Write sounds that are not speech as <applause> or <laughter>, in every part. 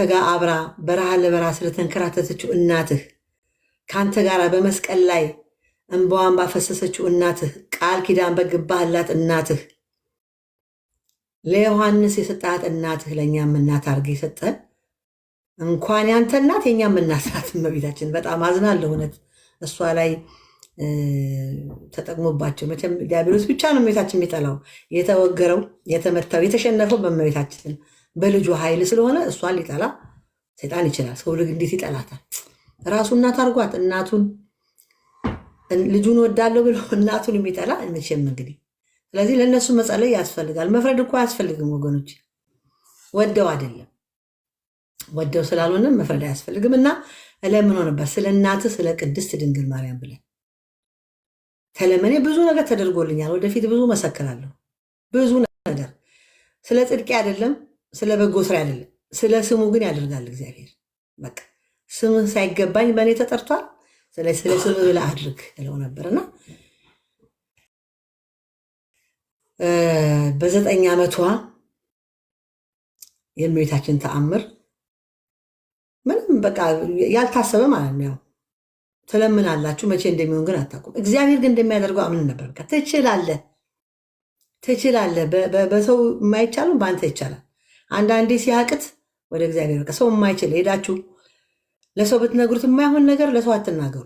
ከአንተ ጋር አብራ በረሃ ለበረሃ ስለተንከራተተችው እናትህ ከአንተ ጋር በመስቀል ላይ እንባዋን ባፈሰሰችው እናትህ ቃል ኪዳን በግባህላት እናትህ ለዮሐንስ የሰጣት እናትህ ለእኛም እናት አድርገህ የሰጠን እንኳን ያንተ እናት የእኛም እናት ናት እመቤታችን። በጣም አዝናለሁ እውነት እሷ ላይ ተጠቅሞባቸው መቼም ዲያብሎስ ብቻ ነው እመቤታችን የሚጠላው። የተወገረው፣ የተመታው፣ የተሸነፈው በእመቤታችን በልጁ ኃይል ስለሆነ እሷን ሊጠላ ሰይጣን ይችላል። ሰው ልጅ እንዴት ይጠላታል? ራሱ እናት አርጓት እናቱን ልጁን ወዳለሁ ብሎ <laughs> እናቱን የሚጠላ መቼም እንግዲህ ስለዚህ ለእነሱ መጸለይ ያስፈልጋል። መፍረድ እኮ አያስፈልግም ወገኖች፣ ወደው አይደለም ወደው ስላልሆነም መፍረድ አያስፈልግም። እና እለምኖ ነበር ስለ እናት ስለ ቅድስት ድንግል ማርያም ብለን ተለመኔ። ብዙ ነገር ተደርጎልኛል። ወደፊት ብዙ መሰክራለሁ። ብዙ ነገር ስለ ጽድቄ አይደለም ስለ በጎ ስራ አይደለም፣ ስለ ስሙ ግን ያደርጋል እግዚአብሔር። በቃ ስምህ ሳይገባኝ በእኔ ተጠርቷል፣ ስለ ስምህ ብለህ አድርግ ያለው ነበርና በዘጠኝ ዓመቷ የእመቤታችን ተአምር ምንም በቃ ያልታሰበ ማለት ነው። ትለምናላችሁ መቼ እንደሚሆን ግን አታውቁም። እግዚአብሔር ግን እንደሚያደርገው አምን ነበር። በቃ ትችላለህ፣ ትችላለህ። በሰው የማይቻለው በአንተ ይቻላል። አንዳንዴ ሲያቅት ወደ እግዚአብሔር በቃ ሰው የማይችል ሄዳችሁ ለሰው ብትነግሩት የማይሆን ነገር ለሰው አትናገሩ፣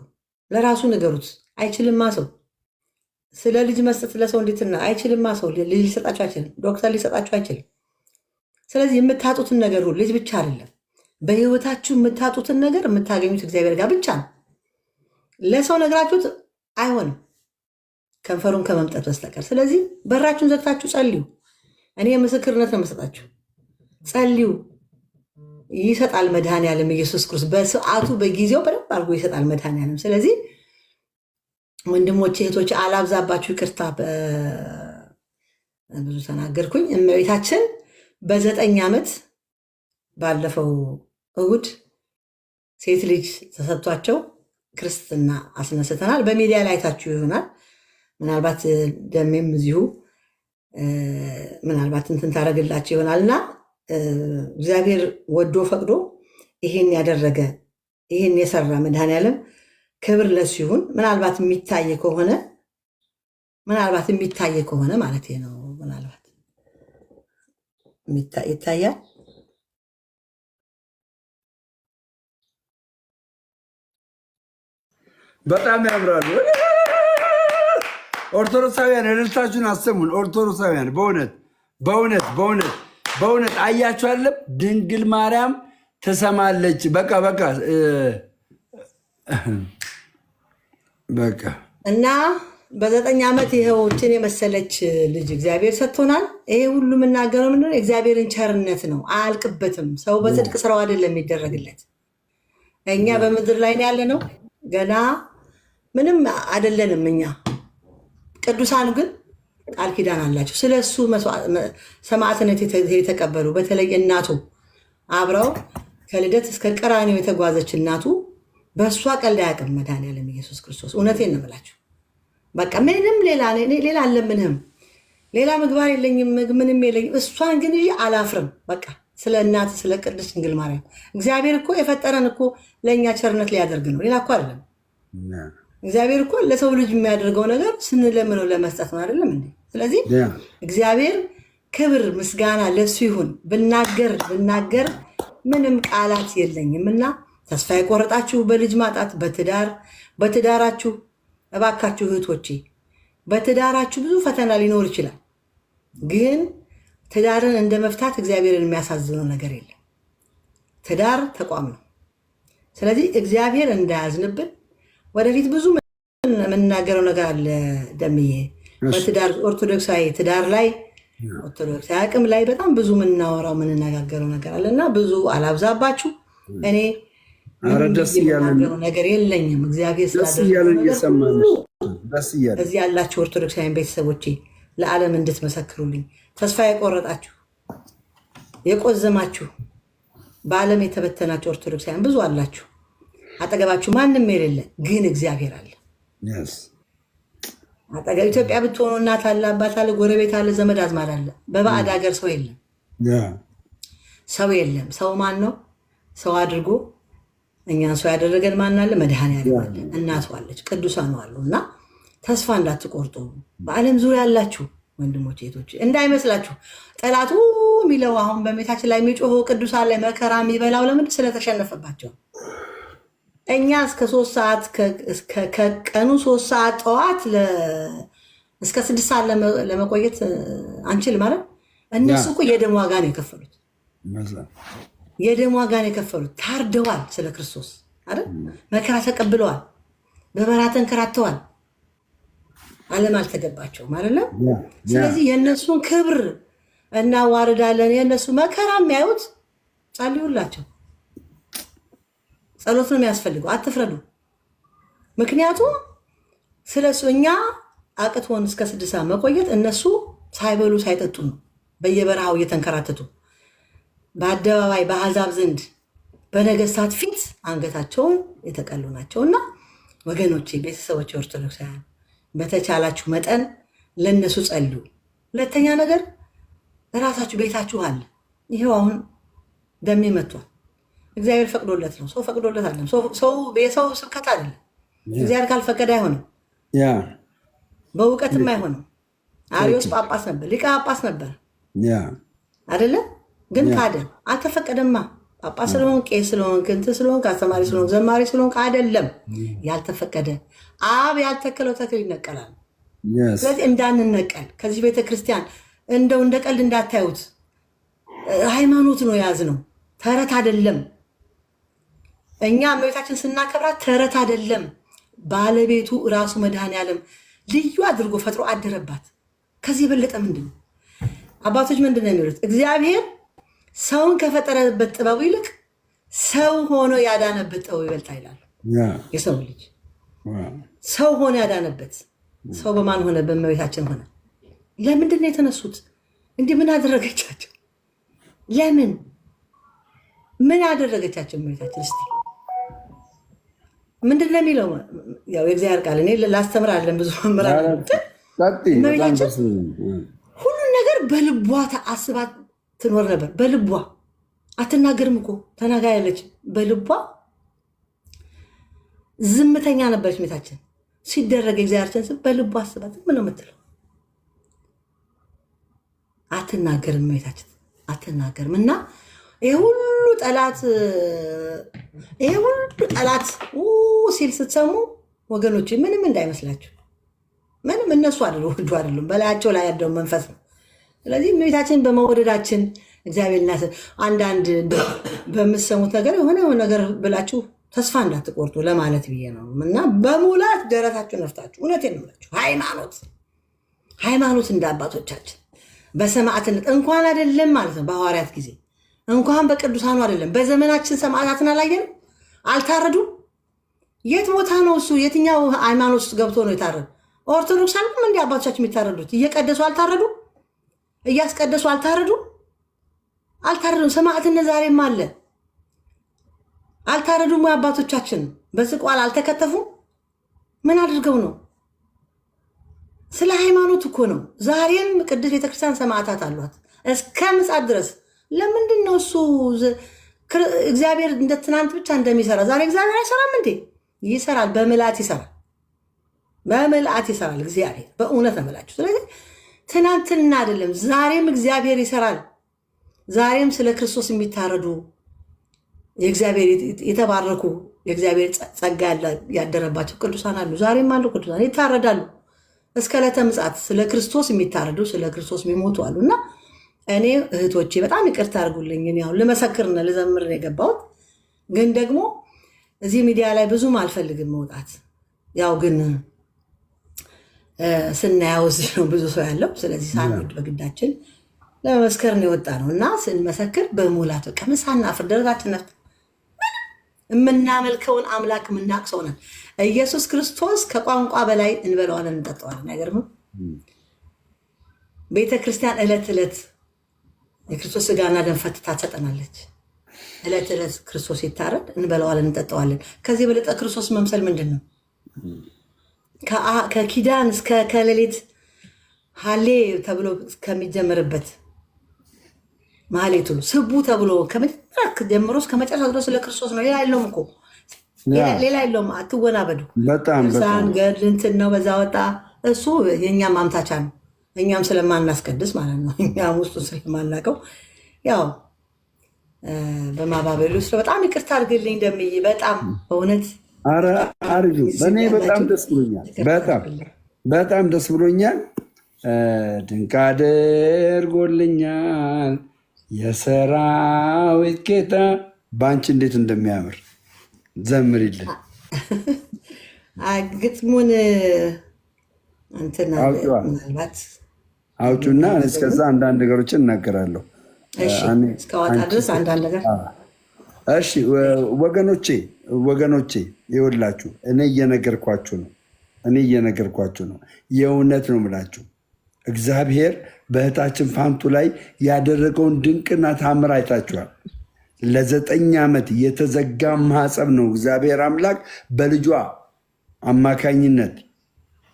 ለራሱ ንገሩት። አይችልማ ሰው ስለ ልጅ መስጠት ለሰው እንዴትና አይችልማ ሰው ልጅ ሊሰጣችሁ አይችልም፣ ዶክተር ሊሰጣችሁ አይችልም። ስለዚህ የምታጡትን ነገር ሁሉ ልጅ ብቻ አይደለም፣ በህይወታችሁ የምታጡትን ነገር የምታገኙት እግዚአብሔር ጋር ብቻ ነው። ለሰው ነግራችሁት አይሆንም ከንፈሩን ከመምጠት በስተቀር። ስለዚህ በራችሁን ዘግታችሁ ጸልዩ። እኔ ምስክርነት ነው የምሰጣችሁ። ጸልዩ ይሰጣል ያለም ኢየሱስ ክርስቶስ በሰዓቱ በጊዜው በደንብ አድርጎ ይሰጣል መድኃኔዓለም። ስለዚህ ወንድሞች እህቶች፣ አላብዛባችሁ ይቅርታ፣ ብዙ ተናገርኩኝ። እመቤታችን በዘጠኝ ዓመት ባለፈው እሁድ ሴት ልጅ ተሰጥቷቸው ክርስትና አስነስተናል። በሚዲያ ላይ ታችሁ ይሆናል። ምናልባት ደሜም እዚሁ ምናልባት እንትን ታደርግላችሁ ይሆናል እና እግዚአብሔር ወዶ ፈቅዶ ይሄን ያደረገ ይሄን የሰራ መድኃኔዓለም ክብር ለሱ ይሁን። ምናልባት የሚታየ ከሆነ ምናልባት የሚታየ ከሆነ ማለት ነው። ምናልባት ይታያል። በጣም ያምራሉ። ኦርቶዶክሳውያን እልልታችሁን አሰሙን። ኦርቶዶክሳውያን በእውነት በእውነት በእውነት በእውነት አያችሁ አይደለም ድንግል ማርያም ትሰማለች። በቃ በቃ በቃ እና በዘጠኝ ዓመት ይኸውችን የመሰለች ልጅ እግዚአብሔር ሰጥቶናል። ይሄ ሁሉ የምናገረው ምንድን ነው? እግዚአብሔርን ቸርነት ነው፣ አያልቅበትም። ሰው በጽድቅ ስራው አይደለም የሚደረግለት። እኛ በምድር ላይ ያለ ነው ገና ምንም አይደለንም እኛ ቅዱሳን ግን ቃል ኪዳን አላቸው። ስለ እሱ ሰማዕትነት የተቀበሉ በተለይ እናቱ አብረው ከልደት እስከ ቀራኒው የተጓዘች እናቱ በእሷ ቀልድ አያውቅም መድኃኒዓለም ኢየሱስ ክርስቶስ። እውነቴን ነው የምላችሁ። በቃ ምንም ሌላ አለምንህም፣ ሌላ ምግባር የለኝም፣ ምንም የለኝም። እሷን ግን አላፍርም። በቃ ስለ እናት ስለ ቅድስት ድንግል ማርያም እግዚአብሔር እኮ የፈጠረን እኮ ለእኛ ቸርነት ሊያደርግ ነው፣ ሌላ እኮ አይደለም። እግዚአብሔር እኮ ለሰው ልጅ የሚያደርገው ነገር ስንለምነው ለመስጠት ነው አይደለም እንዴ? ስለዚህ እግዚአብሔር ክብር ምስጋና ለሱ ይሁን። ብናገር ብናገር ምንም ቃላት የለኝም እና ተስፋ የቆረጣችሁ በልጅ ማጣት፣ በትዳር በትዳራችሁ እባካችሁ እህቶቼ፣ በትዳራችሁ ብዙ ፈተና ሊኖር ይችላል። ግን ትዳርን እንደ መፍታት እግዚአብሔርን የሚያሳዝነው ነገር የለም። ትዳር ተቋም ነው። ስለዚህ እግዚአብሔር እንዳያዝንብን ወደፊት ብዙ የምናገረው ነገር አለ ደምዬ። በትዳር ኦርቶዶክሳዊ ትዳር ላይ ኦርቶዶክሳዊ አቅም ላይ በጣም ብዙ የምናወራው የምንነጋገረው ነገር አለ እና ብዙ አላብዛባችሁ። እኔ ነገር የለኝም። እግዚአብሔር እዚህ ያላችሁ ኦርቶዶክሳዊን ቤተሰቦቼ ለዓለም እንድትመሰክሩልኝ ተስፋ የቆረጣችሁ የቆዘማችሁ በዓለም የተበተናችሁ ኦርቶዶክሳውያን ብዙ አላችሁ። አጠገባችሁ ማንም የሌለ ግን እግዚአብሔር አለ። አጠገብ ኢትዮጵያ ብትሆኑ እናት አለ፣ አባት አለ፣ ጎረቤት አለ፣ ዘመድ አዝማድ አለ። በባዕድ ሀገር ሰው የለም፣ ሰው የለም። ሰው ማን ነው? ሰው አድርጎ እኛን ሰው ያደረገን ማን አለ? መድኃኔዓለም አለ፣ እናቱ አለች፣ ቅዱሳኑ አሉ። እና ተስፋ እንዳትቆርጡ በዓለም ዙሪያ ያላችሁ ወንድሞች ቶች እንዳይመስላችሁ ጠላቱ የሚለው አሁን በሜታችን ላይ የሚጮሆ ቅዱሳን ላይ መከራ የሚበላው ለምንድን ስለተሸነፈባቸው እኛ እስከ ሶስት ሰዓት ከቀኑ ሶስት ሰዓት ጠዋት እስከ ስድስት ሰዓት ለመቆየት አንችል ማለት እነሱ እኮ የደም ዋጋ ነው የከፈሉት። የደም ዋጋ ነው የከፈሉት። ታርደዋል፣ ስለ ክርስቶስ አይደል? መከራ ተቀብለዋል፣ በበረሃ ተንከራተዋል። ዓለም አልተገባቸውም አይደለም። ስለዚህ የእነሱን ክብር እናዋርዳለን። የእነሱ መከራ የሚያዩት ጸልዩላቸው ጸሎት ነው የሚያስፈልገው። አትፍረዱ። ምክንያቱም ስለ እኛ አቅቶን እስከ ስድሳ መቆየት እነሱ ሳይበሉ ሳይጠጡ ነው በየበረሃው እየተንከራተቱ በአደባባይ በአሕዛብ ዘንድ በነገስታት ፊት አንገታቸውን የተቀሉ እና ወገኖቼ፣ ቤተሰቦች ኦርቶዶክሳውያን በተቻላችሁ መጠን ለነሱ ጸሉ። ሁለተኛ ነገር እራሳችሁ ቤታችሁ አለ። ይሄው አሁን ደሜ መቷል። እግዚአብሔር ፈቅዶለት ነው። ሰው ፈቅዶለት አለም ሰው የሰው ስብከት አይደለም። እግዚአብሔር ካልፈቀደ አይሆንም። በእውቀትም አይሆንም። አሪዎስ ጳጳስ ነበር፣ ሊቀ ጳጳስ ነበር አደለ? ግን ካደ። አልተፈቀደማ። ጳጳስ ስለሆን፣ ቄስ ስለሆን፣ ክንት ስለሆን፣ አስተማሪ ስለሆን፣ ዘማሪ ስለሆን አይደለም ያልተፈቀደ። አብ ያልተከለው ተክል ይነቀላል። ስለዚህ እንዳንነቀል ከዚህ ቤተክርስቲያን እንደው እንደ ቀልድ እንዳታዩት። ሃይማኖት ነው የያዝነው፣ ተረት አይደለም። እኛ እመቤታችን ስናከብራት ተረት አይደለም። ባለቤቱ ራሱ መድኃኔዓለም ልዩ አድርጎ ፈጥሮ አደረባት። ከዚህ የበለጠ ምንድን ነው? አባቶች ምንድን ነው የሚሉት? እግዚአብሔር ሰውን ከፈጠረበት ጥበቡ ይልቅ ሰው ሆኖ ያዳነበት ጥበቡ ይበልጣ ይላሉ። የሰው ልጅ ሰው ሆኖ ያዳነበት ሰው በማን ሆነ? በእመቤታችን ሆነ። ለምንድን ነው የተነሱት? እንዲህ ምን አደረገቻቸው? ለምን ምን አደረገቻቸው እመቤታችን? እስኪ ምንድን ነው የሚለው? ያው የእግዚአብሔር ቃል እኔ ላስተምር አለን ብዙ ሁሉን ነገር በልቧ አስባ ትኖር ነበር። በልቧ አትናገርም እኮ ተናጋ ያለች በልቧ ዝምተኛ ነበረች። ሜታችን ሲደረግ የእግዚአብሔር ስም በልቧ አስባት ምን ነው የምትለው? አትናገርም ሜታችን አትናገርም እና ይሄ ሁሉ ጠላት ይሄ ሁሉ ጠላት ሲል ስትሰሙ ወገኖች ምንም እንዳይመስላችሁ፣ ምንም እነሱ አይደሉ ወዱ አይደሉም፣ በላያቸው ላይ ያለው መንፈስ ነው። ስለዚህ እመቤታችን በመወደዳችን እግዚአብሔር ና አንዳንድ በምትሰሙት ነገር የሆነ ነገር ብላችሁ ተስፋ እንዳትቆርጡ ለማለት ብዬ ነው እና በሙላት ደረታችሁ ነፍታችሁ እውነቴን እምላችሁ ሃይማኖት ሃይማኖት እንደ አባቶቻችን በሰማዕትነት እንኳን አይደለም ማለት ነው በሐዋርያት ጊዜ እንኳን በቅዱሳኑ አይደለም በዘመናችን ሰማዕታትን አላየን አልታረዱ የት ቦታ ነው እሱ? የትኛው ሃይማኖት ውስጥ ገብቶ ነው የታረዱ? ኦርቶዶክስ አለም እንዲ አባቶቻችን የሚታረዱት እየቀደሱ አልታረዱ፣ እያስቀደሱ አልታረዱ፣ አልታረዱም። ሰማዕትነት ዛሬም አለ። አልታረዱም። አባቶቻችን በስቋል አልተከተፉም። ምን አድርገው ነው? ስለ ሃይማኖት እኮ ነው። ዛሬም ቅዱስ ቤተክርስቲያን ሰማዕታት አሏት እስከ ምጻት ድረስ ለምንድን ነው እሱ እግዚአብሔር እንደ ትናንት ብቻ እንደሚሰራ ዛሬ እግዚአብሔር አይሰራም እንዴ? ይሰራል። በምልአት ይሰራል። በምልአት ይሰራል እግዚአብሔር። በእውነት ነው የምላችሁ። ስለዚህ ትናንትና አይደለም ዛሬም እግዚአብሔር ይሰራል። ዛሬም ስለ ክርስቶስ የሚታረዱ የእግዚአብሔር የተባረኩ የእግዚአብሔር ጸጋ ያደረባቸው ቅዱሳን አሉ። ዛሬም አሉ ቅዱሳን ይታረዳሉ። እስከ ዕለተ ምጽአት ስለ ክርስቶስ የሚታረዱ ስለ ክርስቶስ የሚሞቱ አሉ እና እኔ እህቶቼ በጣም ይቅርታ አድርጉልኝ። እኔ አሁን ልመሰክርና ልዘምር ነው የገባሁት፣ ግን ደግሞ እዚህ ሚዲያ ላይ ብዙም አልፈልግም መውጣት። ያው ግን ስናየው እዚህ ነው ብዙ ሰው ያለው። ስለዚህ ሳንወድ በግዳችን ለመመስከር ነው የወጣ ነው እና ስንመሰክር በሙላት በቃ ምሳና ፍር ደረታችን የምናመልከውን አምላክ የምናቅሰው ነን። ኢየሱስ ክርስቶስ ከቋንቋ በላይ እንበለዋለን፣ እንጠጠዋለን። ነገር ቤተ ክርስቲያን ዕለት ዕለት የክርስቶስ ስጋና ደም ፈትታ ትሰጠናለች። እለት ዕለት ክርስቶስ ይታረድ፣ እንበላዋለን፣ እንጠጠዋለን። ከዚህ በለጠ ክርስቶስ መምሰል ምንድን ነው? ከኪዳን እስከ ከሌሊት ሀሌ ተብሎ ከሚጀምርበት ማሌቱ ስቡ ተብሎ ከመጀመሪያ ጀምሮ እስከ መጨረሻ ድረስ ስለ ክርስቶስ ነው። ሌላ የለውም እኮ ሌላ የለውም። አትወናበዱ። በጣም ገድል እንትን ነው። በዛ ወጣ እሱ የእኛ ማምታቻ ነው። እኛም ስለማናስቀድስ ማለት ነው። እኛም ውስጡ ስለማናውቀው ያው በማባበሉ ስለ በጣም ይቅርታ አድርግልኝ እንደምይ በጣም በእውነት አርጁ በእኔ በጣም ደስ ብሎኛል። በጣም በጣም ደስ ብሎኛል። ድንቅ አድርጎልኛል የሰራዊት ጌታ። በአንቺ እንዴት እንደሚያምር ዘምሪልን። ግጥሙን እንትና ምናልባት አውጩና እስከዛ አንዳንድ ነገሮችን እናገራለሁ። እሺ ወገኖቼ ወገኖቼ ይወላችሁ፣ እኔ እየነገርኳችሁ ነው። እኔ እየነገርኳችሁ ነው። የእውነት ነው ምላችሁ። እግዚአብሔር በእህታችን ፋንቱ ላይ ያደረገውን ድንቅና ታምር አይታችኋል። ለዘጠኝ ዓመት የተዘጋ ማህፀብ ነው እግዚአብሔር አምላክ በልጇ አማካኝነት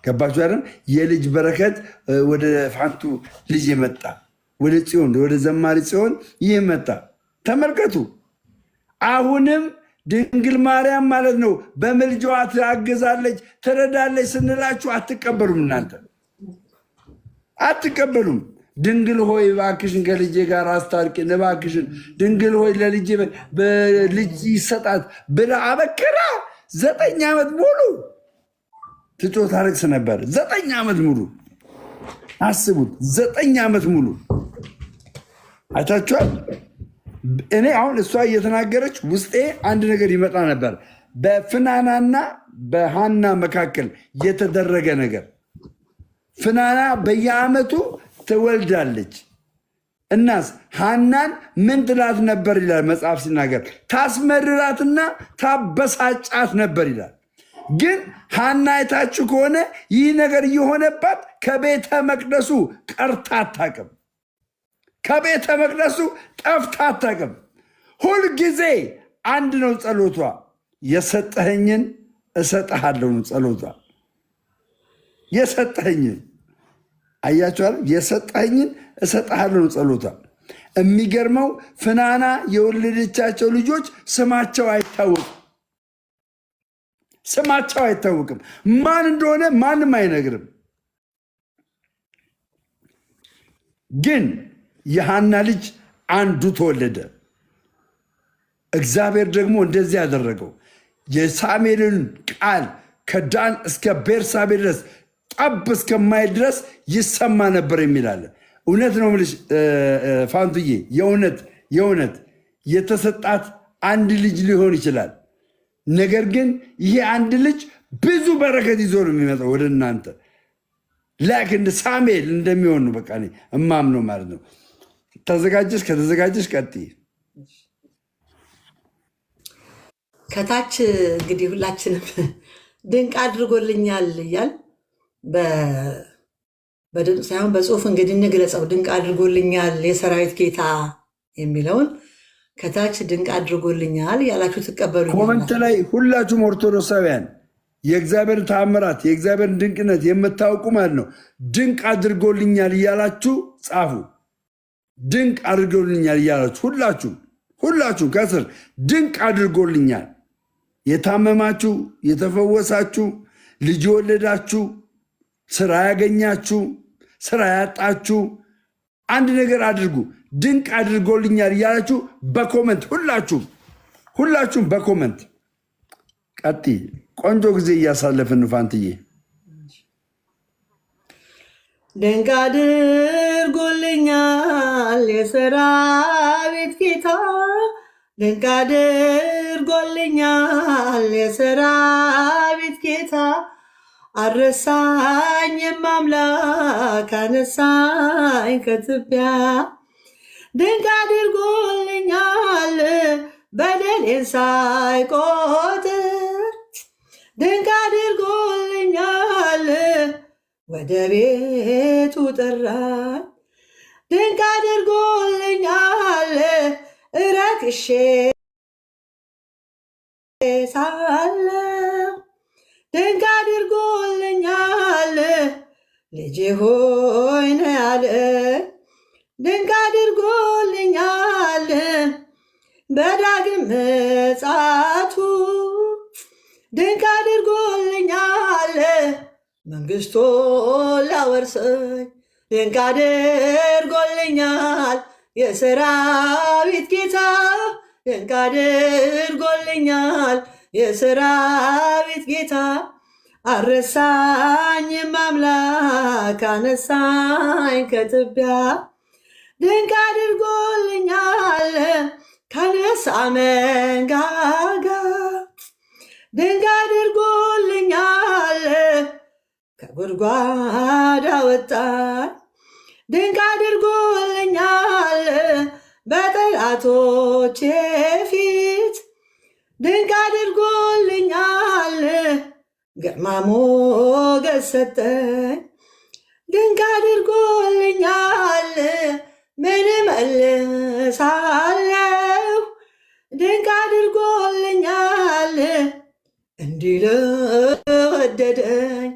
ገባችሁ አይደል? የልጅ በረከት ወደ ፋንቱ ልጅ የመጣ ወደ ጽዮን ወደ ዘማሪ ጽዮን ይህ መጣ። ተመልከቱ። አሁንም ድንግል ማርያም ማለት ነው በምልጃዋ ታግዛለች፣ ትረዳለች ስንላችሁ አትቀበሉም። እናንተ አትቀበሉም። ድንግል ሆይ እባክሽን ከልጄ ጋር አስታርቂን፣ እባክሽን ድንግል ሆይ ለልጄ ልጅ ይሰጣት ብለ አበክራ ዘጠኝ ዓመት ሙሉ ትጮ ታለቅስ ነበር። ዘጠኝ ዓመት ሙሉ አስቡት፣ ዘጠኝ ዓመት ሙሉ አይታችኋል። እኔ አሁን እሷ እየተናገረች ውስጤ አንድ ነገር ይመጣ ነበር፣ በፍናናና በሃና መካከል የተደረገ ነገር። ፍናና በየዓመቱ ትወልዳለች። እናስ ሃናን ምን ትላት ነበር ይላል መጽሐፍ ሲናገር፣ ታስመርራትና ታበሳጫት ነበር ይላል። ግን ሐና አይታችሁ ከሆነ ይህ ነገር እየሆነባት ከቤተ መቅደሱ ቀርታ አታቅም። ከቤተ መቅደሱ ጠፍታ አታቅም። ሁልጊዜ አንድ ነው ጸሎቷ። የሰጠኸኝን እሰጠሃለሁ ነው ጸሎቷ። የሰጠኸኝን አያችኋል። የሰጠኸኝን እሰጠሃለሁ ነው ጸሎቷ። የሚገርመው ፍናና የወለደቻቸው ልጆች ስማቸው አይታወቅም። ስማቸው አይታወቅም። ማን እንደሆነ ማንም አይነግርም። ግን የሐና ልጅ አንዱ ተወለደ። እግዚአብሔር ደግሞ እንደዚህ ያደረገው የሳሙኤልን ቃል ከዳን እስከ ቤርሳቤ ድረስ ጠብ እስከማይል ድረስ ይሰማ ነበር የሚላለ እውነት ነው የምልሽ ፋንቱዬ፣ የእውነት የእውነት የተሰጣት አንድ ልጅ ሊሆን ይችላል ነገር ግን ይሄ አንድ ልጅ ብዙ በረከት ይዞ ነው የሚመጣው ወደ እናንተ ላክ እንደ ሳሙኤል እንደሚሆን ነው። በቃ እማም ነው ማለት ነው። ተዘጋጀሽ? ከተዘጋጀሽ ቀጥይ። ከታች እንግዲህ ሁላችንም ድንቅ አድርጎልኛል እያል በድምፅ ሳይሆን በጽሁፍ እንግዲህ እንግለጸው ድንቅ አድርጎልኛል የሰራዊት ጌታ የሚለውን ከታች ድንቅ አድርጎልኛል ያላችሁ ትቀበሉ። ኮመንት ላይ ሁላችሁም ኦርቶዶክሳውያን የእግዚአብሔር ታምራት የእግዚአብሔር ድንቅነት የምታውቁ ማለት ነው፣ ድንቅ አድርጎልኛል እያላችሁ ጻፉ። ድንቅ አድርጎልኛል እያላችሁ ሁላችሁ ሁላችሁ ከስር ድንቅ አድርጎልኛል። የታመማችሁ፣ የተፈወሳችሁ፣ ልጅ የወለዳችሁ፣ ስራ ያገኛችሁ፣ ስራ ያጣችሁ አንድ ነገር አድርጉ፣ ድንቅ አድርጎልኛል እያላችሁ በኮመንት ሁላችሁም ሁላችሁም በኮመንት ቀጥ ቆንጆ ጊዜ እያሳለፍን ፋንትዬ ድንቅ አድርጎልኛል የሰራዊት ጌታ ድንቅ አድርጎልኛል የሰራዊት ጌታ አረሳኝ የማምላክ አነሳኝ ከትቢያ ድንቅ አድርጎልኛል በደሌን ሳይቆጥር ድንቅ አድርጎልኛል ወደ ቤቱ ጠራኝ ድንቅ አድርጎልኛል እረክሼ ሳለ ድንቅ አድርጎልኛል ልጄ ሆይ ነው ያለ ድንቅ አድርጎልኛል በዳግም ምጽአቱ ድንቅ አድርጎልኛል መንግስቶ ላወርሰኝ ድንቅ አድርጎልኛል የሰራዊት ጌታ ድንቅ አድርጎልኛል የሰራዊት ጌታ አረሳኝ አምላክ አነሳኝ ከትቢያ ድንቅ አድርጎልኛል ከአንበሳ መንጋጋ ድንቅ አድርጎልኛል ከጉድጓድ አወጣኝ ድንቅ አድርጎልኛል በጠላቶቼ ፊት ድንቅ አድርጎልኛል ግርማ ሞገስ ሰጠኝ ድንቅ አድርጎልኛል ምን መልሳለሁ ድንቅ አድርጎልኛል እንዲል ወደደኝ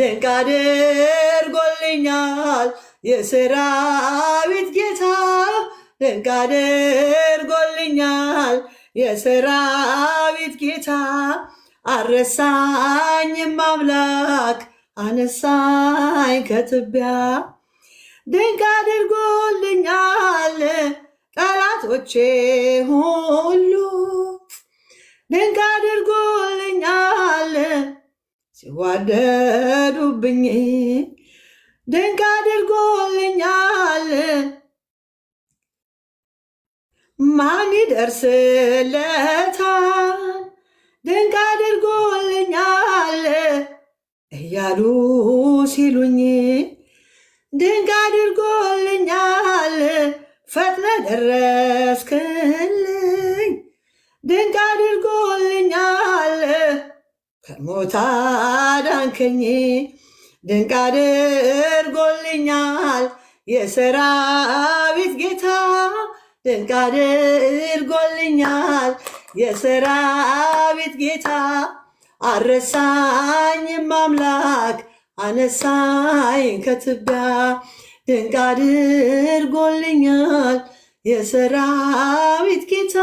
ድንቅ አድርጎልኛል የሰራዊት ጌታ ድንቅ አድርጎልኛል የሰራዊት ጌታ አረሳኝ አምላክ አነሳኝ ከትቢያ ድንቅ አድርጎልኛል ጠላቶቼ ሁሉ ድንቅ አድርጎልኛል ሲዋደዱብኝ ድንቅ አድርጎ ይደርስለታል ድንቅ አድርጎልኛል እያሉ ሲሉኝ ድንቅ አድርጎልኛል ፈጥነ ደረስክልኝ ድንቅ አድርጎልኛል ከሞት አዳንከኝ ድንቅ አድርጎልኛል የሰራዊት ጌታ ድንቅ አድርጎልኛል የሰራዊት ጌታ አረሳኝም አምላክ አነሳኝ ከትቢያ ድንቅ አድርጎልኛል የሰራዊት ጌታ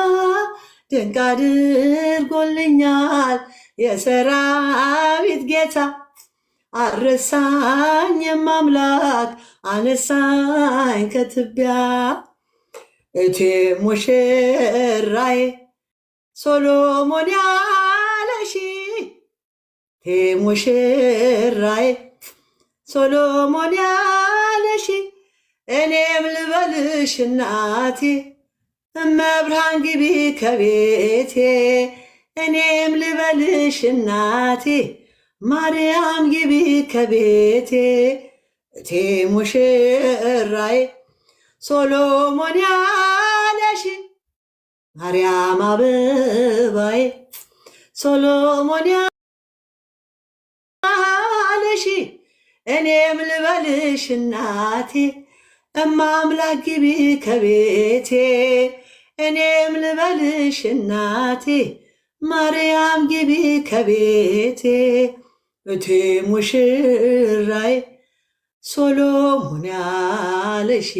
ድንቅ አድርጎልኛል የሰራዊት ጌታ አረሳኝም አምላክ አነሳኝ ከትቢያ እቴ ሙሽራዬ ሶሎሞን ያለሽ እቴ ሙሽራዬ ሶሎሞን ያለሽ እኔም ልበልሽ እናቴ እመብርሃን ግቢ ከቤቴ እኔም ልበልሽ እናቴ ማርያም ግቢ ከቤቴ እቴ ሙሽራዬ ሶሎሞን ያለሽ ማርያም አበባዬ ሶሎሞን ያለሽ እኔም ልበልሽ እናቴ እማ ግቢ ከቤቴ እኔም ልበልሽ እናቴ ማርያም ግቢ ከቤቴ እቴ ሙሽራዬ ሶሎሞን ያለሽ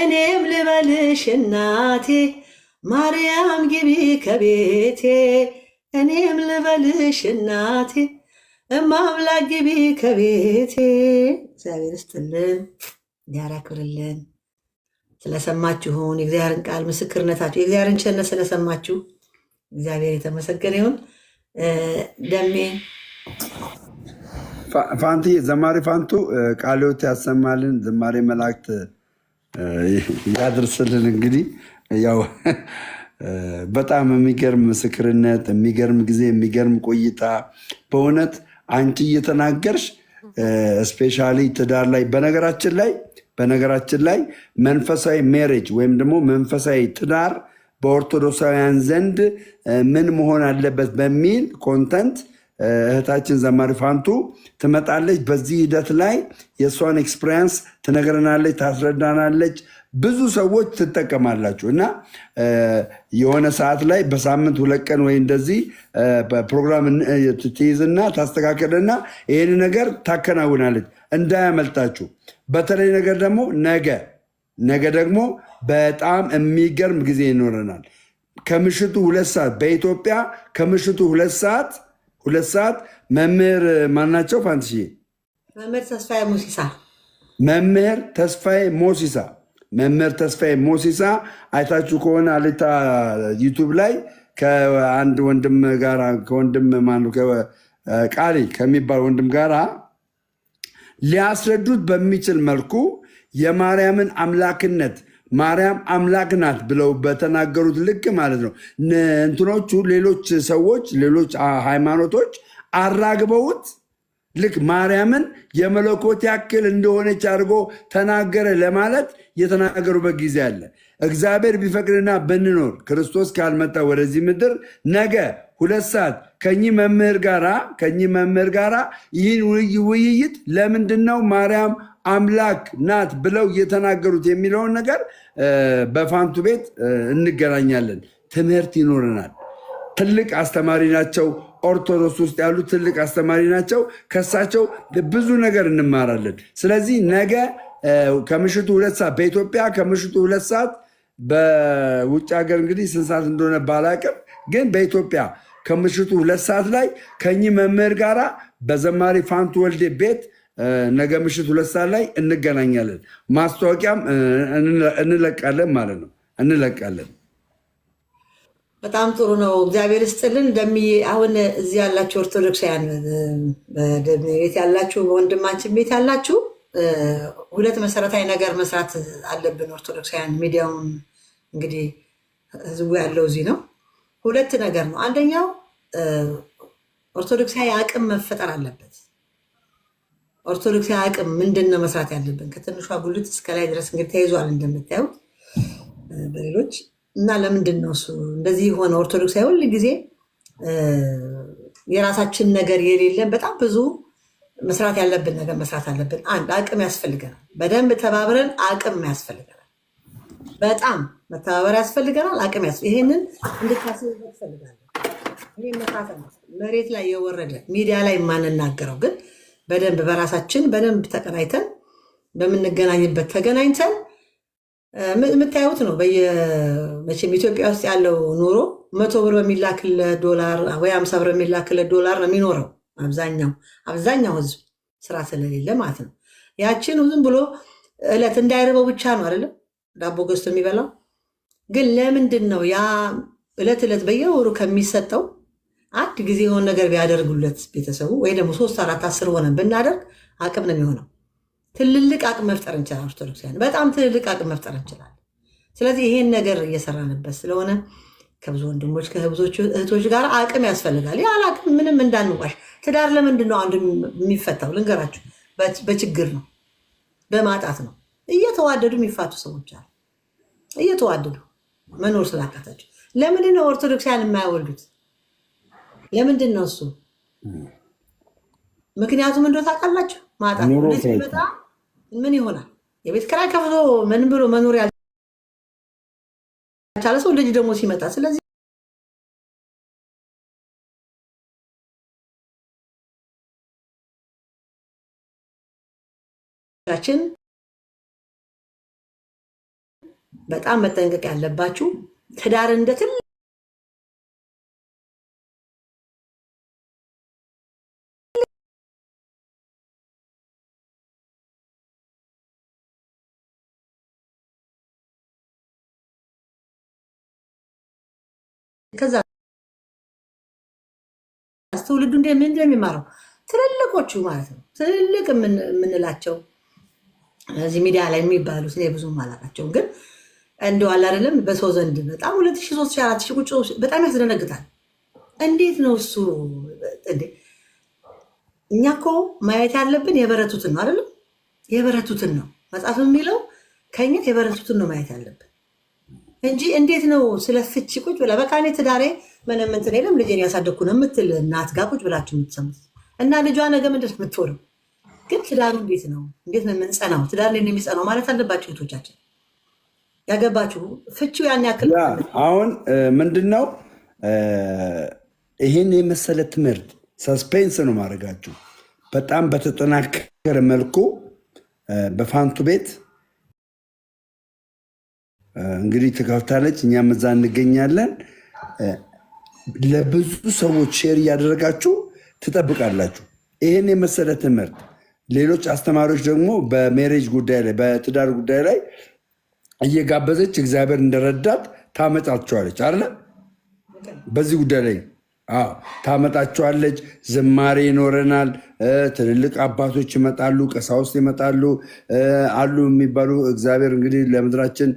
እኔም ልበልሽ እናቴ ማርያም ግቢ ከቤቴ እኔም ልበልሽ እናቴ እማምላክ ግቢ ከቤቴ። እግዚአብሔር ይስጥልን፣ እግዚአብሔር ስለሰማችሁን የእግዚአብሔርን ቃል ምስክርነታችሁ፣ የእግዚአብሔርን ቸርነት ስለሰማችሁ እግዚአብሔር የተመሰገነ ይሁን። ደሜ ፋንቱ ዘማሪ ፋንቱ ቃልዮት ያሰማልን። ዘማሪ መላእክት ያድርስልን። እንግዲህ ያው በጣም የሚገርም ምስክርነት፣ የሚገርም ጊዜ፣ የሚገርም ቆይታ በእውነት አንቺ እየተናገርሽ ስፔሻሊ ትዳር ላይ በነገራችን ላይ በነገራችን ላይ መንፈሳዊ ሜሬጅ ወይም ደግሞ መንፈሳዊ ትዳር በኦርቶዶክሳውያን ዘንድ ምን መሆን አለበት በሚል ኮንተንት እህታችን ዘማሪ ፋንቱ ትመጣለች። በዚህ ሂደት ላይ የእሷን ኤክስፔሪንስ ትነግረናለች፣ ታስረዳናለች። ብዙ ሰዎች ትጠቀማላችሁ እና የሆነ ሰዓት ላይ በሳምንት ሁለት ቀን ወይ እንደዚህ በፕሮግራም ትይዝና ታስተካከልና ይህን ነገር ታከናውናለች። እንዳያመልጣችሁ። በተለይ ነገር ደግሞ ነገ ነገ ደግሞ በጣም የሚገርም ጊዜ ይኖረናል። ከምሽቱ ሁለት ሰዓት በኢትዮጵያ ከምሽቱ ሁለት ሰዓት ሁለት ሰዓት መምህር ማናቸው? ፋንትሽዬ መምህር ተስፋዬ ሞሲሳ መምህር ተስፋዬ ሞሲሳ መምህር ተስፋዬ ሞሲሳ አይታችሁ ከሆነ አሌታ ዩቱብ ላይ ከአንድ ወንድም ጋር ከወንድም ማን ቃሪ ከሚባል ወንድም ጋር ሊያስረዱት በሚችል መልኩ የማርያምን አምላክነት ማርያም አምላክ ናት ብለው በተናገሩት ልክ ማለት ነው። እንትኖቹ ሌሎች ሰዎች፣ ሌሎች ሃይማኖቶች አራግበውት ልክ ማርያምን የመለኮት ያክል እንደሆነች አድርጎ ተናገረ ለማለት የተናገሩበት ጊዜ አለ። እግዚአብሔር ቢፈቅድና ብንኖር ክርስቶስ ካልመጣ ወደዚህ ምድር ነገ ሁለት ሰዓት ከኚህ መምህር ጋራ ከኚህ መምህር ጋራ ይህን ውይይት ለምንድን ነው ማርያም አምላክ ናት ብለው የተናገሩት የሚለውን ነገር በፋንቱ ቤት እንገናኛለን። ትምህርት ይኖረናል። ትልቅ አስተማሪ ናቸው። ኦርቶዶክስ ውስጥ ያሉ ትልቅ አስተማሪ ናቸው። ከሳቸው ብዙ ነገር እንማራለን። ስለዚህ ነገ ከምሽቱ ሁለት ሰዓት በኢትዮጵያ ከምሽቱ ሁለት ሰዓት በውጭ ሀገር እንግዲህ ስንት ሰዓት እንደሆነ ባላቅም፣ ግን በኢትዮጵያ ከምሽቱ ሁለት ሰዓት ላይ ከኚህ መምህር ጋራ በዘማሪ ፋንቱ ወልዴ ቤት ነገ ምሽት ሁለት ሰዓት ላይ እንገናኛለን። ማስታወቂያም እንለቃለን ማለት ነው እንለቃለን። በጣም ጥሩ ነው። እግዚአብሔር ስጥልን እንደሚዬ አሁን እዚህ ያላችሁ ኦርቶዶክሳውያን ቤት ያላችሁ፣ በወንድማችን ቤት ያላችሁ ሁለት መሰረታዊ ነገር መስራት አለብን። ኦርቶዶክሳውያን ሚዲያውን እንግዲህ ህዝቡ ያለው እዚህ ነው። ሁለት ነገር ነው። አንደኛው ኦርቶዶክሳዊ አቅም መፈጠር አለበት። ኦርቶዶክስ አቅም ምንድን ነው መስራት ያለብን? ከትንሿ ጉልት እስከ ላይ ድረስ እንግዲህ ተይዟል እንደምታዩት በሌሎች እና ለምንድን ነው እሱ እንደዚህ የሆነ ኦርቶዶክስ ሁል ጊዜ የራሳችን ነገር የሌለን በጣም ብዙ መስራት ያለብን ነገር መስራት አለብን። አንድ አቅም ያስፈልገናል። በደንብ ተባብረን አቅም ያስፈልገናል። በጣም መተባበር ያስፈልገናል። አቅም ይሄንን እንድታስብ ያስፈልጋል። ይህ መሬት ላይ የወረደ ሚዲያ ላይ የማንናገረው ግን በደንብ በራሳችን በደንብ ተቀናይተን በምንገናኝበት ተገናኝተን የምታዩት ነው። መቼም ኢትዮጵያ ውስጥ ያለው ኑሮ መቶ ብር በሚላክለት ዶላር ወይ አምሳ ብር በሚላክለት ዶላር ነው የሚኖረው አብዛኛው አብዛኛው ህዝብ ስራ ስለሌለ ማለት ነው። ያችን ዝም ብሎ እለት እንዳይርበው ብቻ ነው አይደለም ዳቦ ገዝቶ የሚበላው። ግን ለምንድን ነው ያ እለት እለት በየወሩ ከሚሰጠው አንድ ጊዜ የሆነ ነገር ቢያደርጉለት ቤተሰቡ ወይ ደግሞ ሶስት አራት አስር ሆነን ብናደርግ አቅም ነው የሚሆነው። ትልልቅ አቅም መፍጠር እንችላለን። ኦርቶዶክሳውያን በጣም ትልልቅ አቅም መፍጠር እንችላለን። ስለዚህ ይሄን ነገር እየሰራንበት ስለሆነ ከብዙ ወንድሞች ከብዙ እህቶች ጋር አቅም ያስፈልጋል። ያለ አቅም ምንም እንዳንዋሽ። ትዳር ለምንድን ነው አንዱ የሚፈታው? ልንገራችሁ፣ በችግር ነው፣ በማጣት ነው። እየተዋደዱ የሚፋቱ ሰዎች አሉ። እየተዋደዱ መኖር ስላቃታቸው። ለምንድን ነው ኦርቶዶክሳውያን የማያወልዱት? ለምንድን ነው እሱ? ምክንያቱም እንደው ታውቃላችሁ ማጣት ምን ይሆናል? የቤት ክራይ ከፍሎ ምን ብሎ መኖር ያልቻለ ሰው ልጅ ደግሞ ሲመጣ ስለዚህ ችን በጣም መጠንቀቅ ያለባችሁ ትዳር እንደ ትልቅ ከዛ ትውልዱ እንደሚማረው ትልልቆቹ ማለት ነው። ትልልቅ የምንላቸው እዚህ ሚዲያ ላይ የሚባሉት እኔ ብዙም አላውቃቸውም፣ ግን እንደው አለ አይደለም በሰው ዘንድ በጣም ሁለት ሺህ ሦስት ሺህ አራት ሺህ ቁጭ በጣም ያስደነግጣል። እንዴት ነው እሱ? እኛ እኮ ማየት ያለብን የበረቱትን ነው አይደለም፣ የበረቱትን ነው መጽሐፍ የሚለው ከኛ የበረቱትን ነው ማየት ያለብን። እንጂ እንዴት ነው ስለ ፍቺ ቁጭ ብላ በቃ እኔ ትዳሬ ምንም እንትን የለም ልጄን ያሳደግኩ ነው የምትል እናት ጋር ቁጭ ብላችሁ የምትሰሙት እና ልጇ ነገ ምንድን የምትሆነው ግን ትዳሩ እንዴት ነው እንዴት ነው የምንጸናው? ትዳር ላይ ነው የሚጸናው ማለት አለባቸው እህቶቻችን። ያገባችሁ ፍቺው ያን ያክል አሁን ምንድን ነው ይህን የመሰለ ትምህርት ሰስፔንስ ነው ማድረጋችሁ በጣም በተጠናከረ መልኩ በፋንቱ ቤት እንግዲህ ትከፍታለች፣ እኛም እዛ እንገኛለን። ለብዙ ሰዎች ሼር እያደረጋችሁ ትጠብቃላችሁ። ይህን የመሰለ ትምህርት ሌሎች አስተማሪዎች ደግሞ በሜሬጅ ጉዳይ ላይ በትዳር ጉዳይ ላይ እየጋበዘች እግዚአብሔር እንደረዳት ታመጫቸዋለች አለ በዚህ ጉዳይ ላይ አዎ ታመጣችኋለች። ዝማሬ ይኖረናል። ትልልቅ አባቶች ይመጣሉ፣ ቀሳውስት ይመጣሉ አሉ የሚባሉ እግዚአብሔር እንግዲህ ለምድራችን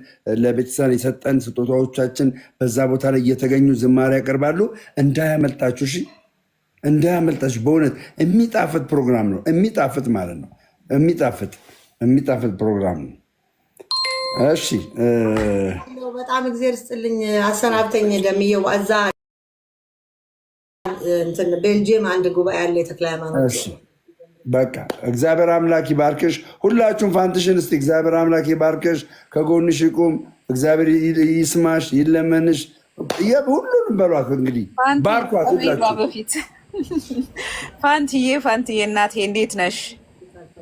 ለቤተሰብ የሰጠን ስጦታዎቻችን በዛ ቦታ ላይ እየተገኙ ዝማሬ ያቀርባሉ። እንዳያመልጣችሁ፣ እሺ እንዳያመልጣችሁ። በእውነት የሚጣፍጥ ፕሮግራም ነው። የሚጣፍጥ ማለት ነው። የሚጣፍጥ የሚጣፍጥ ፕሮግራም ነው። እሺ በጣም እግዚአብሔር ስጥልኝ። አሰናብተኝ ደምየው እዛ ቤልጅየም አንድ ጉባኤ ያለ የተክለ ሃይማኖት በቃ እግዚአብሔር አምላክ ይባርክሽ። ሁላችሁም ፋንትሽን እስቲ እግዚአብሔር አምላክ ይባርክሽ፣ ከጎንሽ ይቁም፣ እግዚአብሔር ይስማሽ፣ ይለመንሽ። ሁሉንም በሏት እንግዲህ ባርኳት። በፊት ፋንትዬ ፋንትዬ እናቴ እንዴት ነሽ?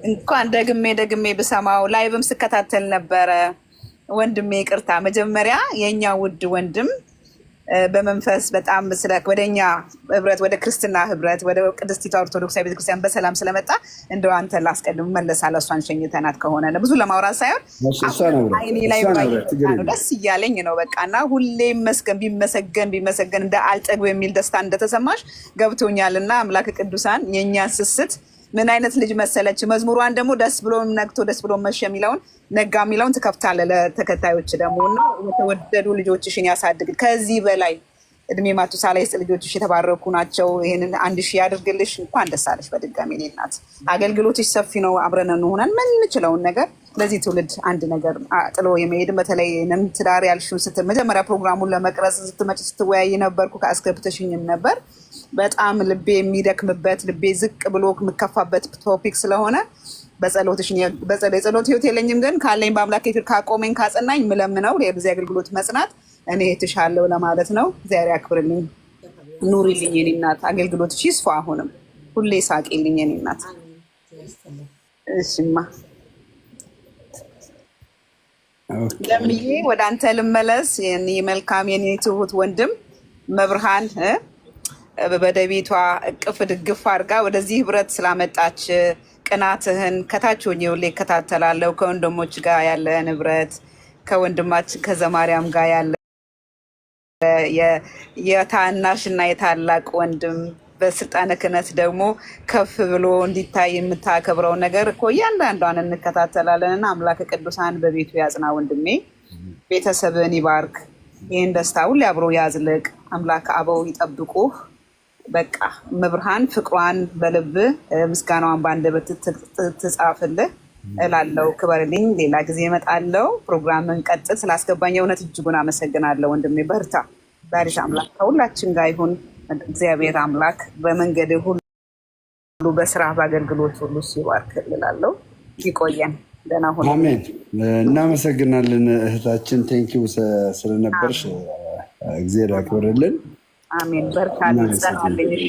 እንኳን ደግሜ ደግሜ ብሰማው ላይብም ስከታተል ነበረ ወንድሜ። ይቅርታ መጀመሪያ የእኛ ውድ ወንድም በመንፈስ በጣም ስለ ወደኛ ህብረት ወደ ክርስትና ህብረት ወደ ቅድስቲቷ ኦርቶዶክስ ቤተክርስቲያን በሰላም ስለመጣ እንደ አንተ ላስቀድም መለሳለ እሷን ሸኝተናት ከሆነ ብዙ ለማውራት ሳይሆን አይኔ ላይ ደስ እያለኝ ነው በቃ እና ሁሌ መስገን ቢመሰገን ቢመሰገን እንደ አልጠግብ የሚል ደስታ እንደተሰማሽ ገብቶኛል እና አምላክ ቅዱሳን የእኛ ስስት ምን አይነት ልጅ መሰለች። መዝሙሯን ደግሞ ደስ ብሎ ነግቶ ደስ ብሎ መሽ የሚለውን ነጋ የሚለውን ትከፍታለ ለተከታዮች ደግሞ እና የተወደዱ ልጆችሽን ያሳድግ ከዚህ በላይ እድሜ ማቱሳላ ይስጥ። ልጆችሽ የተባረኩ ናቸው። ይህንን አንድ ሺ ያድርግልሽ። እንኳን ደስ አለሽ በድጋሚ እኔ እናት። አገልግሎትሽ ሰፊ ነው። አብረን እንሆነን የምንችለውን ነገር ለዚህ ትውልድ አንድ ነገር ጥሎ የመሄድን በተለይ ንም ትዳር ያልሽውን መጀመሪያ ፕሮግራሙን ለመቅረጽ ስትመጭ ስትወያይ ነበርኩ ከአስገብተሽኝም ነበር በጣም ልቤ የሚደክምበት ልቤ ዝቅ ብሎ የምከፋበት ቶፒክ ስለሆነ የጸሎት ህይወት የለኝም፣ ግን ካለኝ በአምላክ ፊት ካቆመኝ ካጸናኝ ምለምነው የጊዜ አገልግሎት መጽናት እኔ እትሻለሁ ለማለት ነው። እግዚአብሔር ያክብርልኝ፣ ኑሪልኝ የኔ እናት። አገልግሎት ይስፋ፣ አሁንም ሁሌ ሳቂልኝ የኔ እናት። እሺማ ለምዬ ወደ አንተ ልመለስ። መልካም የኔ ትሁት ወንድም መብርሃን በደቢቷ እቅፍ ድግፍ አድርጋ ወደዚህ ህብረት ስላመጣች ቅናትህን ከታች ሆኜ ሁሌ እከታተላለሁ። ከወንድሞች ጋር ያለን ህብረት ከወንድማችን ከዘማርያም ጋር ያለ እና የታላቅ ወንድም በስልጣነ ክህነት ደግሞ ከፍ ብሎ እንዲታይ የምታከብረው ነገር እኮ እያንዳንዷን እንከታተላለን እና አምላክ ቅዱሳን በቤቱ ያጽና። ወንድሜ ቤተሰብን ይባርክ። ይህን ደስታ ሁሌ አብሮ ያዝልቅ። አምላክ አበው ይጠብቁህ። በቃ መብርሃን ፍቅሯን በልብ ምስጋናዋን በአንደበት ትጻፍልህ እላለው። ክበርልኝ። ሌላ ጊዜ እመጣለሁ። ፕሮግራምን ቀጥል። ስላስገባኝ እውነት እጅጉን አመሰግናለሁ ወንድሜ። በርታ። ዛሬሽ አምላክ ከሁላችን ጋር ይሁን። እግዚአብሔር አምላክ በመንገድ ሁሉ በስራ በአገልግሎት ሁሉ ሲባርክ እላለሁ። ይቆየን። ደህና አሜን። እናመሰግናለን እህታችን ቴንኪው ስለነበርሽ፣ እግዚአብሔር ያክብርልን። አሜን። በርካታ ጸናለኝ። እሺ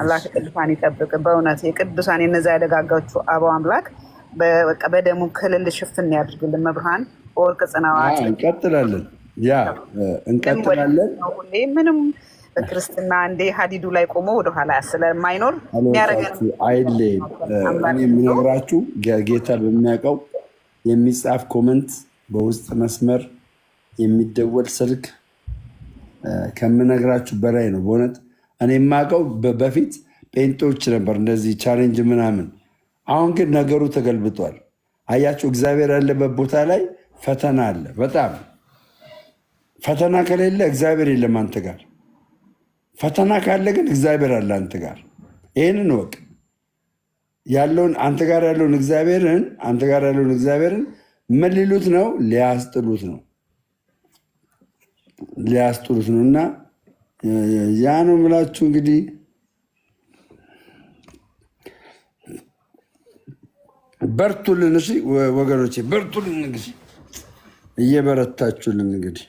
አላህ ቅዱሳን ይጠብቅ። በእውነት የቅዱሳን የነዛ ያደጋጋቹ አበው አምላክ በደሙ ክልል ሽፍን ያድርግልን። መብርሃን ወርቅ ጽናዋት እንቀጥላለን፣ ያ እንቀጥላለን። ሁሌ ምንም በክርስትና እንዴ ሀዲዱ ላይ ቆሞ ወደኋላ ስለማይኖር አይሌ እኔ የምነግራችሁ ጌታ በሚያውቀው የሚጻፍ ኮመንት በውስጥ መስመር የሚደወል ስልክ ከምነግራችሁ በላይ ነው። በእውነት እኔ የማውቀው በፊት ጴንጦች ነበር እንደዚህ ቻሌንጅ ምናምን። አሁን ግን ነገሩ ተገልብጧል። አያችሁ፣ እግዚአብሔር ያለበት ቦታ ላይ ፈተና አለ። በጣም ፈተና ከሌለ እግዚአብሔር የለም አንተ ጋር። ፈተና ካለ ግን እግዚአብሔር አለ አንተ ጋር። ይህንን ወቅ ያለውን አንተ ጋር ያለውን እግዚአብሔርን አንተ ጋር ያለውን እግዚአብሔርን ምን ሊሉት ነው? ሊያስጥሉት ነው። ሊያስጡሉት ነው እና ያ ነው የምላችሁ እንግዲህ በርቱልን፣ እሺ ወገኖቼ በርቱልን፣ እንግዲህ እየበረታችሁልን እንግዲህ